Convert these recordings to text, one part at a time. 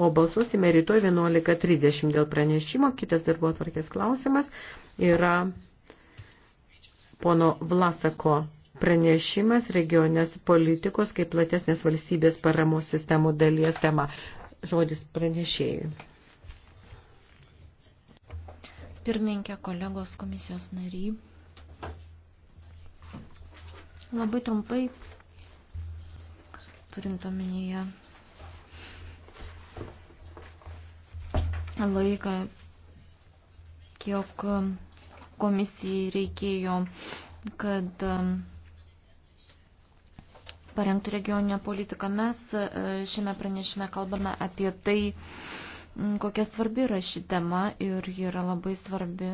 o balsuosime rytoj 11.30 dėl pranešimo. Kitas darbo atvarkės klausimas yra pono Vlasako pranešimas regionės politikos kaip platesnės valstybės paramos sistemų dalies tema. Žodis pranešėjui. Pirminkė kolegos komisijos nary. Labai trumpai, turint omenyje laiką, kiek um, komisijai reikėjo, kad um, parengtų regioninę politiką. Mes uh, šiame pranešime kalbame apie tai, mm, kokia svarbi yra ši tema ir yra labai svarbi.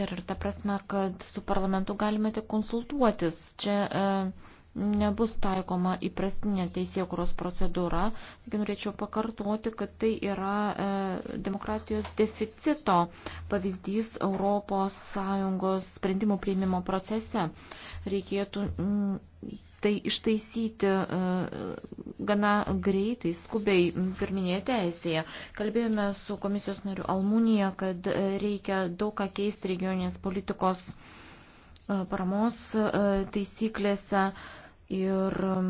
Dar ir ta prasme, kad su parlamentu galime tik konsultuotis. Čia e, nebus taikoma įprastinė teisėkuros procedūra. Taigi norėčiau pakartoti, kad tai yra e, demokratijos deficito pavyzdys ES sprendimų priimimo procese. Reikėtų mm, tai ištaisyti e, gana greitai, skubiai pirminėje teisėje. Kalbėjome su komisijos nariu Almunija, kad e, reikia daug ką keisti regioninės politikos paramos taisyklėse ir um,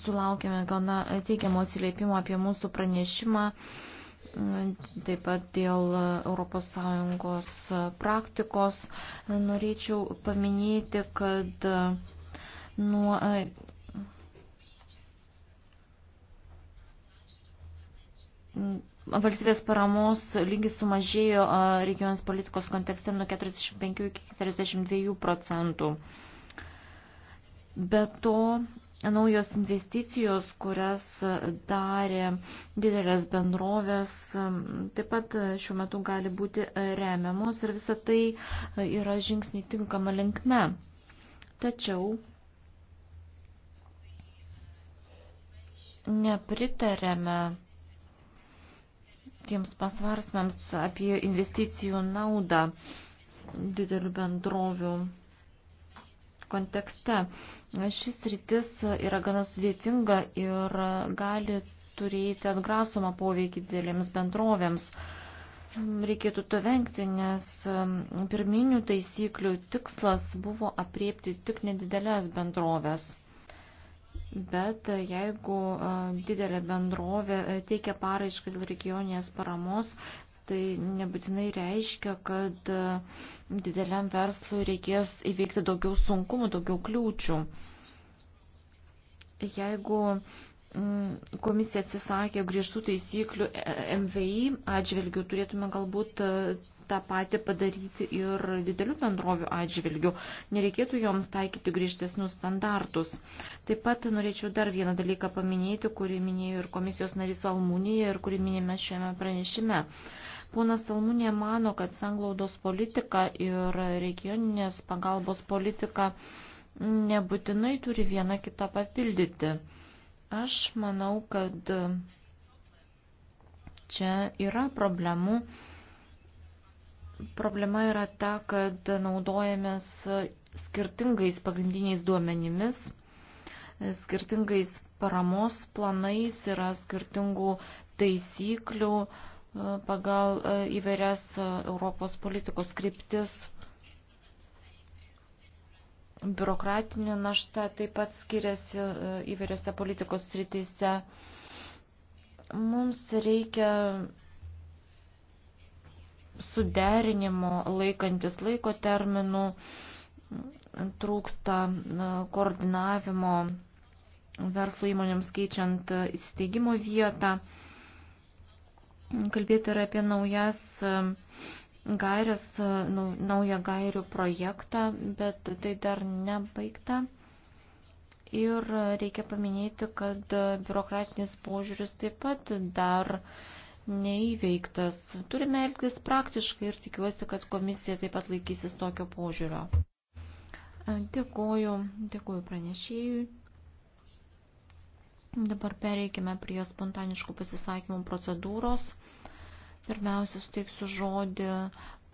sulaukėme gana teikiamo atsiliepimo apie mūsų pranešimą, mm, taip pat dėl ES praktikos. Norėčiau paminėti, kad uh, nuo uh, valstybės paramos lygis sumažėjo regionės politikos kontekste nuo 45 iki 42 procentų. Be to, naujos investicijos, kurias darė didelės bendrovės, taip pat šiuo metu gali būti remiamos ir visa tai yra žingsniai tinkama linkme. Tačiau nepritarėme tiems pasvarsmams apie investicijų naudą didelių bendrovių kontekste. Šis rytis yra gana sudėtinga ir gali turėti atgrasomą poveikį didelėms bendrovėms. Reikėtų to vengti, nes pirminių taisyklių tikslas buvo apriepti tik nedidelės bendrovės. Bet e, jeigu e, didelė bendrovė e, teikia paraišką dėl regioninės paramos, tai nebūtinai reiškia, kad dideliam verslui reikės įveikti daugiau sunkumų, daugiau kliūčių. Jeigu mm, komisija atsisakė griežtų taisyklių MVI atžvilgių, turėtume galbūt tą patį padaryti ir didelių bendrovių atžvilgių. Nereikėtų joms taikyti griežtesnius standartus. Taip pat norėčiau dar vieną dalyką paminėti, kurį minėjo ir komisijos narys Almūnija ir kurį minime šiame pranešime. Ponas Almūnė mano, kad sanglaudos politika ir regioninės pagalbos politika nebūtinai turi vieną kitą papildyti. Aš manau, kad čia yra problemų Problema yra ta, kad naudojamės skirtingais pagrindiniais duomenimis, skirtingais paramos planais, yra skirtingų taisyklių e, pagal e, įvairias e, Europos politikos kryptis. Biurokratinė našta taip pat skiriasi įvairiose politikos srityse. Mums reikia suderinimo laikantis laiko terminų, trūksta koordinavimo verslo įmonėms keičiant įsteigimo vietą. Kalbėti yra apie naujas e, gairias, e, naują gairių projektą, bet tai dar nebaigta. Ir reikia paminėti, kad biurokratinis požiūris taip pat dar uh, neįveiktas. Turime elgtis praktiškai ir tikiuosi, kad komisija taip pat laikysis tokio požiūrio. Dėkuoju, dėkuoju pranešėjui. Dabar pereikime prie spontaniškų pasisakymų procedūros. Pirmiausia, suteiksiu žodį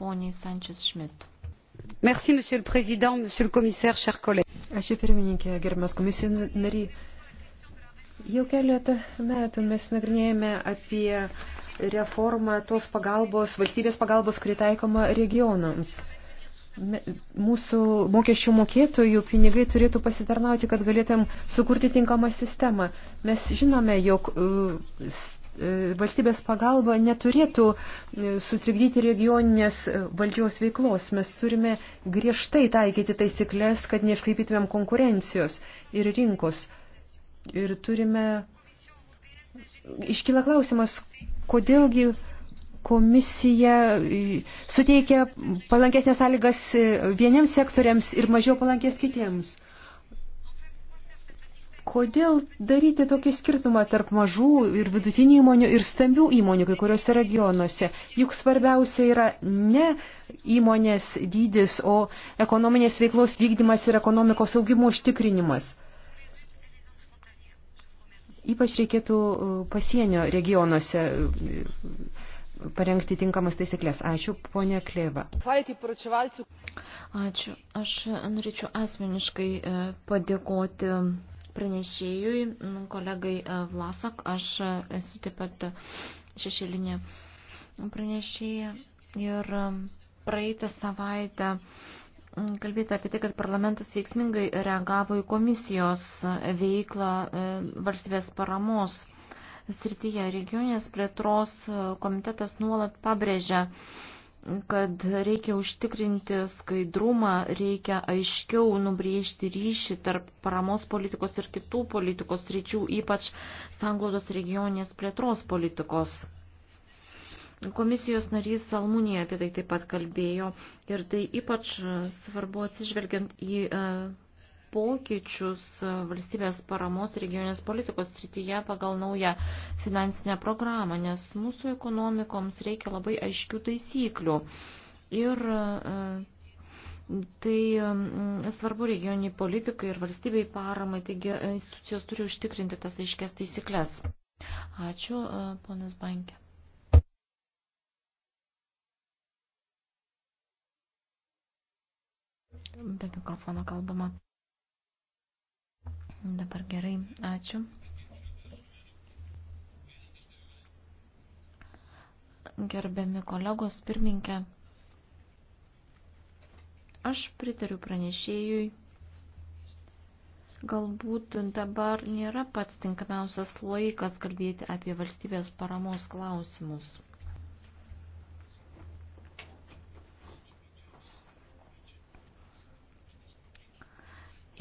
poniai Sančias Šmit. Merci, monsieur le président, monsieur le commissaire, chers collègues. Ačiū pirmininkė, gerbiamas komisijų nariai. Jau keletą metų mes nagrinėjame apie reforma tos pagalbos, valstybės pagalbos, kuri taikoma regionams. Mūsų mokesčių mokėtojų pinigai turėtų pasitarnauti, kad galėtum sukurti tinkamą sistemą. Mes žinome, jog uh, uh, valstybės pagalba neturėtų uh, sutrikdyti regioninės valdžios veiklos. Mes turime griežtai taikyti taisyklės, kad neiškreipytumėm konkurencijos ir rinkos. Ir turime... Iškyla klausimas, kodėlgi komisija e, suteikia palankesnės sąlygas e, vieniems sektoriams ir mažiau palankės kitiems. Kodėl daryti tokį skirtumą tarp mažų ir vidutinių įmonių ir stambių įmonių kai kuriuose regionuose? Juk svarbiausia yra ne įmonės dydis, o ekonominės veiklos vykdymas ir ekonomikos augimo užtikrinimas. Ypač reikėtų e, pasienio regionuose e, parengti tinkamas taisyklės. Ačiū, ponė Kleva. Ačiū. Aš norėčiau asmeniškai e, padėkoti pranešėjui, kolegai Vlasak. Aš esu taip pat šešėlinė pranešėja. Ir praeitą savaitę kalbėti apie tai, kad parlamentas veiksmingai reagavo į komisijos veiklą e, valstybės paramos srityje. Regioninės plėtros komitetas nuolat pabrėžia, kad reikia užtikrinti skaidrumą, reikia aiškiau nubriežti ryšį tarp paramos politikos ir kitų politikos ryčių, ypač sanglaudos regioninės plėtros politikos. Komisijos narys Salmūnija apie tai taip pat kalbėjo ir tai ypač svarbu atsižvelgiant į e, pokyčius e, valstybės paramos regionės politikos srityje pagal naują finansinę programą, nes mūsų ekonomikoms reikia labai aiškių taisyklių. Ir e, tai mm, svarbu regioniai politikai ir valstybei paramai, taigi institucijos turi užtikrinti tas aiškias taisyklės. Ačiū, ponas Bankė. Be mikrofono kalbama. Dabar gerai, ačiū. Gerbiami kolegos pirminkė, aš pritariu pranešėjui. Galbūt dabar nėra pats tinkamiausias laikas kalbėti apie valstybės paramos klausimus.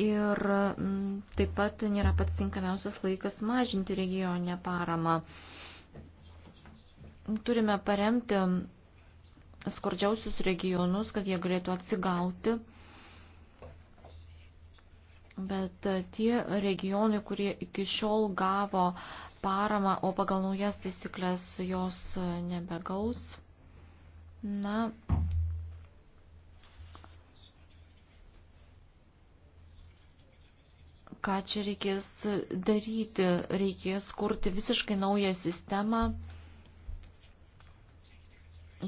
ir mm, taip pat nėra pats tinkamiausias laikas mažinti regioninę paramą. Turime paremti skurdžiausius regionus, kad jie galėtų atsigauti. Bet tie regionai, kurie iki šiol gavo paramą, o pagal naujas taisyklės jos nebegaus, na, ką čia reikės daryti. Reikės kurti visiškai naują sistemą.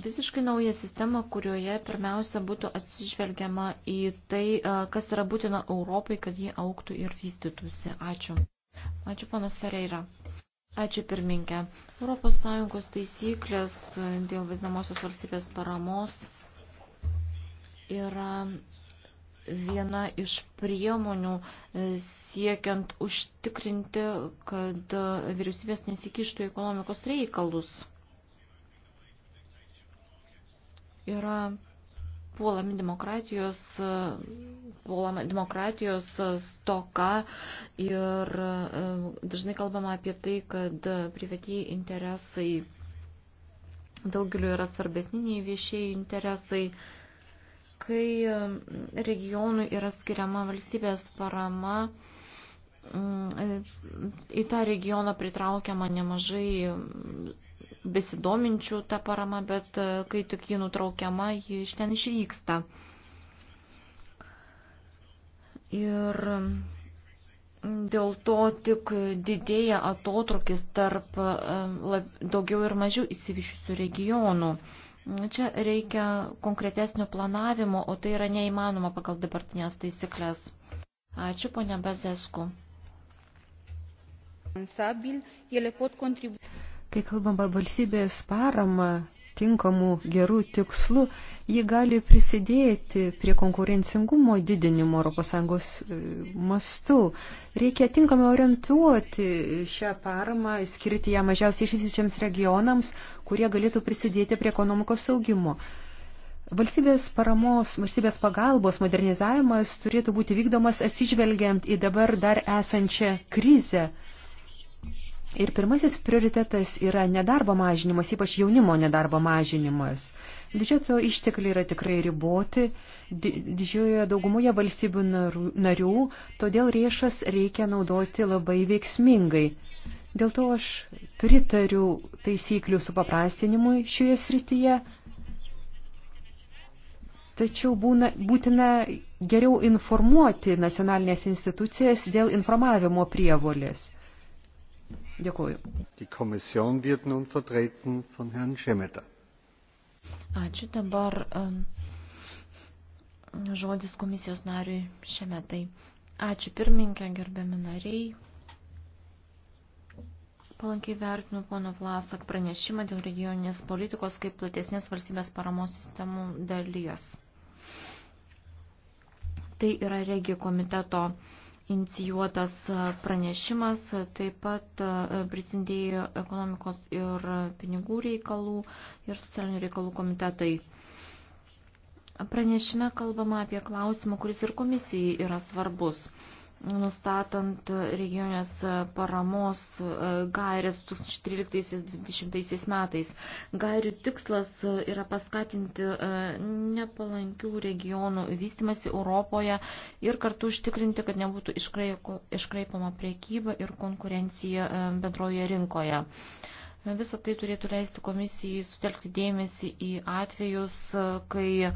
Visiškai naują sistemą, kurioje pirmiausia būtų atsižvelgiama į tai, kas yra būtina Europai, kad ji auktų ir vystytųsi. Ačiū. Ačiū, panas Ferreira. Ačiū pirminkė. ES taisyklės dėl vadinamosios valstybės paramos yra viena iš priemonių e, siekiant užtikrinti, kad e, vyriausybės nesikištų į ekonomikos reikalus. Yra puolami demokratijos, e, puolama demokratijos stoka ir dažnai kalbama apie tai, kad privatieji interesai daugeliu yra svarbesni nei viešieji interesai kai e, regionui yra skiriama valstybės parama, mm, į tą regioną pritraukiama nemažai mm, besidominčių tą paramą, bet e, kai tik ji nutraukiama, ji iš ten išvyksta. Ir mm, dėl to tik didėja atotrukis tarp e, daugiau ir mažiau įsivyšiusių regionų. Nu, čia reikia konkretesnio planavimo, o tai yra neįmanoma pagal dabartinės taisyklės. Ačiū, ponia Bazesku. Kai kalbam apie valstybės paramą, tinkamų gerų tikslų, ji gali prisidėti prie konkurencingumo didinimo ES e, mastu. Reikia tinkamai orientuoti šią paramą, skirti ją mažiausiai išsičiams regionams, kurie galėtų prisidėti prie ekonomikos augimo. Valstybės paramos, valstybės pagalbos modernizavimas turėtų būti vykdomas atsižvelgiant į dabar dar esančią krizę Ir pirmasis prioritetas yra nedarbo mažinimas, ypač jaunimo nedarbo mažinimas. Biudžeto ištekliai yra tikrai riboti didžiojoje daugumoje valstybių narių, todėl riešas reikia naudoti labai veiksmingai. Dėl to aš pritariu taisyklių supaprastinimui šioje srityje, tačiau būna, būtina geriau informuoti nacionalinės institucijas dėl informavimo prievolės. Dėkuoju. Ačiū dabar. Um, žodis komisijos nariui šiame tai. Ačiū pirmininkė, gerbiami nariai. Palankiai vertinu pono Vlasak pranešimą dėl regioninės politikos kaip platesnės valstybės paramos sistemų dalies. Tai yra regio komiteto uh, inicijuotas e, pranešimas, e, taip pat e, prisidėjo ekonomikos ir pinigų reikalų ir socialinių reikalų komitetai. Pranešime kalbama apie klausimą, kuris ir komisijai yra svarbus nustatant regionės paramos e, gairės 2013-2020 metais. Gairių tikslas e, yra paskatinti e, nepalankių regionų vystimasi Europoje ir kartu užtikrinti, kad nebūtų iškraipama priekyba ir konkurencija bendroje rinkoje. Visą tai turėtų leisti komisijai sutelkti dėmesį į atvejus, kai e,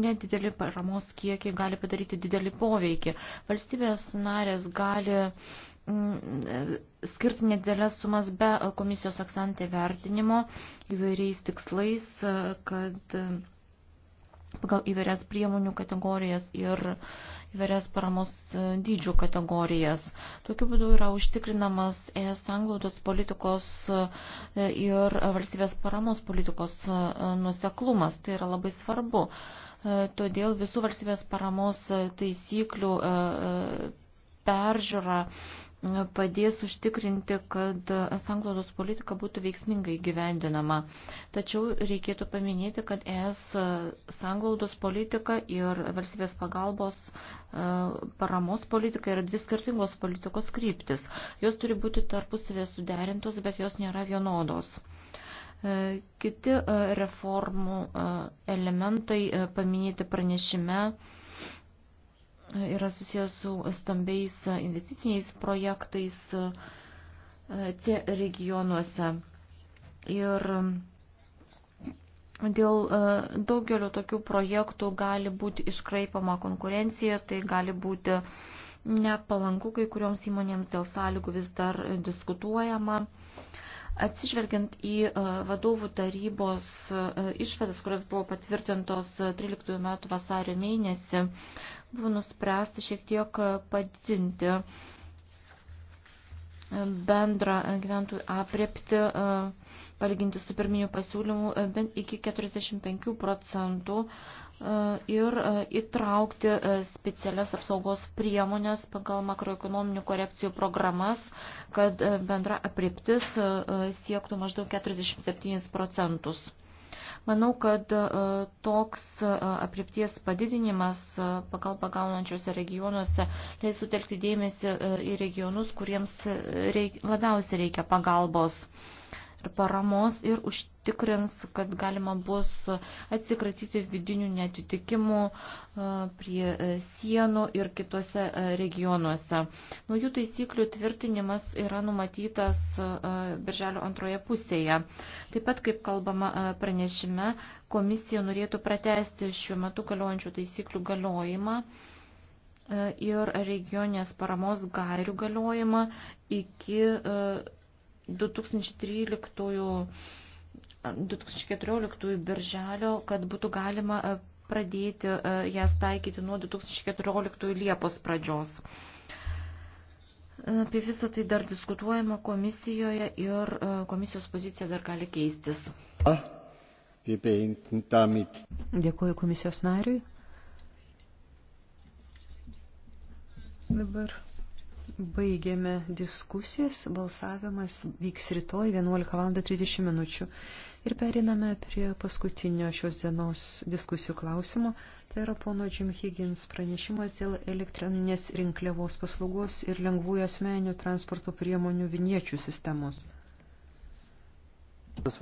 nedideli paramos kiekiai gali padaryti didelį poveikį. Valstybės narės gali mm, e, skirti nedidelės sumas be komisijos aksantė vertinimo įvairiais tikslais, e, kad pagal įvairias priemonių kategorijas ir įvairias paramos e, dydžių kategorijas. Tokiu būdu yra užtikrinamas ES anglaudos politikos e, ir valstybės paramos politikos e, nuseklumas. Tai yra labai svarbu. Todėl visų valstybės paramos taisyklių peržiūra e, padės užtikrinti, kad sanglaudos politika būtų veiksmingai gyvendinama. Tačiau reikėtų paminėti, kad ES sanglaudos politika ir valstybės pagalbos e, paramos politika yra dvi skirtingos politikos kryptis. Jos turi būti tarpusavė suderintos, bet jos nėra vienodos. E, kiti reformų elementai paminėti pranešime yra susijęs su stambiais investiciniais projektais C e, regionuose. Ir e, dėl e, daugelio tokių projektų gali būti iškraipama konkurencija, tai gali būti nepalanku kai kurioms įmonėms dėl sąlygų vis dar diskutuojama. Atsižvelgiant į e, vadovų tarybos e, išvadas, kurios buvo patvirtintos 13 e, metų vasario mėnesį, buvo nuspręsta šiek tiek padidinti bendrą gyventojų apriepti palyginti su pirminiu pasiūlymu, e, bent iki 45 procentų e, ir e, įtraukti specialias apsaugos priemonės pagal makroekonominių korekcijų programas, kad bendra apriptis siektų maždaug 47 procentus. Manau, kad toks apriepties padidinimas pagal pagaunančiuose regionuose leis sutelkti dėmesį į regionus, kuriems reik, labiausiai reikia pagalbos paramos ir užtikrins, kad galima bus atsikratyti vidinių netitikimų e, prie e, sienų ir kitose e, regionuose. Naujų taisyklių tvirtinimas yra numatytas birželio antroje pusėje. Taip pat, kaip kalbama pranešime, komisija norėtų pratesti šiuo metu galiojančių taisyklių galiojimą ir regionės paramos gairių galiojimą iki 2013-2014 birželio, kad būtų galima e, pradėti e, jas taikyti nuo 2014 Liepos pradžios. Apie visą tai dar diskutuojama komisijoje ir e, komisijos pozicija dar gali keistis. Dėkuoju komisijos nariui. Dabar Baigėme diskusijas, balsavimas vyks rytoj 11.30 minučių ir periname prie paskutinio šios dienos diskusijų klausimo. Tai yra pono Jim Higgins pranešimas dėl elektroninės rinkliavos paslaugos ir lengvųjų asmeninių transporto priemonių viniečių sistemos.